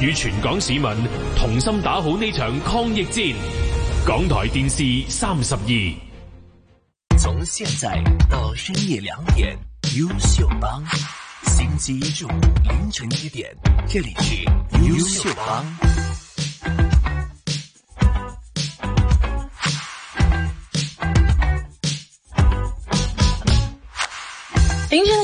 與全港市民同心打好呢場抗疫戰。港台電視三十二，從現在到深夜兩點，優秀幫。星期一至五凌晨一點，這裏是優秀幫。凌晨